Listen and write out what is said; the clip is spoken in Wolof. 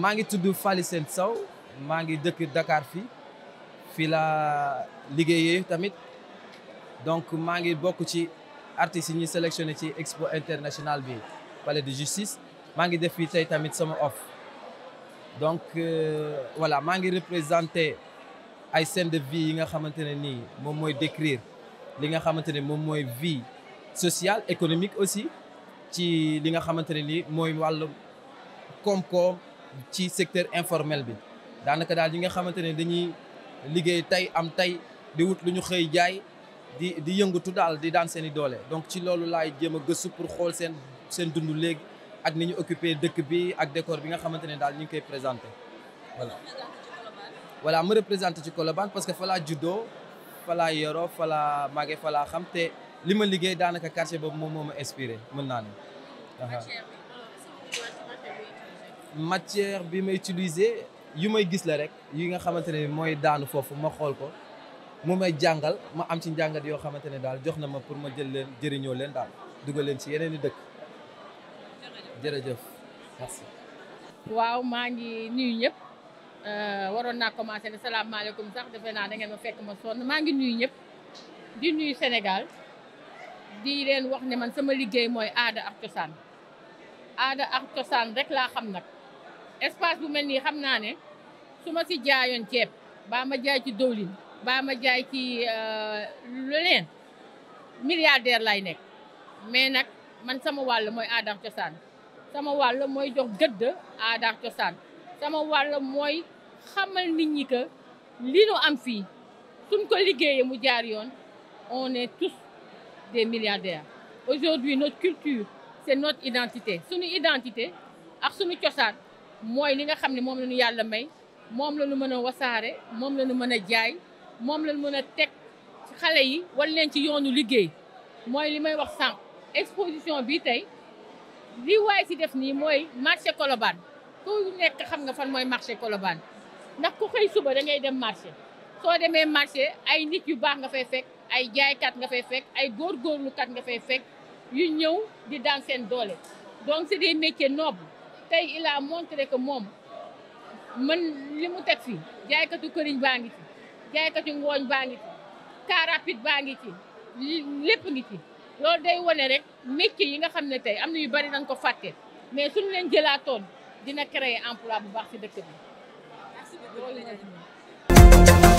maa ngi tudd fali seen saw maa ngi dëkk Dakar fii fii laa liggéeyee tamit donc maa ngi bokk ci artistes yi ñu sélectionné ci expo internationale bi palais de justice maa ngi def fii tey tamit sama off donc euh, voilà maa ngi représenté ay scène de vie yi nga xamante ne nii moom mooy décrire li nga xamante ne moom mooy vie social économique aussi ci li nga xamante ne nii mooy wàllu koom-koom ci secteur informel bi daanaka daal ñi nga xamante ne dañuy liggéey tey am tey di wut lu ñu xëy jaay di di yëngatu daal di daan seen i doole donc ci loolu laay jéem a gëstu pour xool seen seen dund léegi ak ni ñu occupé dëkk bi ak décor bi nga xamante ne daal ñu ngi koy présenté voilà. voilà ma représenté ci Colobane parce que fa laa juddoo fa laa yoroo fa laa màggee fa laa xam te li ma liggéey daanaka quartier boobu moom moo ma inspiré mën naa ne. matière bi may utiliser yu may gis la rek yi nga xamante ne mooy daanu foofu ma xool ko mu may jàngal ma am ci njàngat yoo xamante ne daal jox na ma pour ma jël leen jëriñoo leen daal dugal leen ci yeneen i dëkk. jërëjëf merci. waaw maa ngi nuyu ñëpp euh, waroon naa commencé ne salaamaaleykum sax defe naa da ma fekk ma sonn maa ngi nuyu ñëpp di nuyu Sénégal di leen wax ne man sama liggéey mooy aada ak cosaan aada ak cosaan rek laa xam nag. espace bu mel nii xam naa ne su ma ci jaayoon ceeb baa ma jaay ci dëwlin baa ma jaay ci euh, lu leen milliardaire lay nekk mais nag man sama wàll mooy aadaax cosaan sama wàll mooy jox gëdd aadaax cosaan sama wàll mooy xamal nit ñi ko li nu am fii suñ ko liggéeyee mu jaar yoon on est tous des milliardaires aujourd'hui notre culture c'est not identité suñu identité ak suñu cosaan mooy li nga xam ne moom la ñu yàlla may moom la ñu mën a wasaare moom la ñu mën a jaay moom la mën a teg xale yi wal leen ci yoonu liggéey mooy li may wax sànq exposition bi tey li waay si def nii mooy marché Colobane ku nekk xam nga fan mooy marché kolobaan ndax ku xëy suba da dem marché soo demee marché ay nit yu baax nga fay fekk ay jaaykat nga fay fekk ay góorgóorlukat nga fay fekk yu ñëw di daan seen doole donc c'est des métiers nobles tey il a montré ko moom man li mu teg fi jaaykatu këriñ baa ngi ci jaaykatu ngooñ baa ngi ci car rapide baa ngi ci lépp ngi ci loolu day wane rek métier yi nga xam ne tey am na yu bari dañ ko fàtte mais suñu leen jëlaatoon dina créer emploi bu baax ci dëkk bi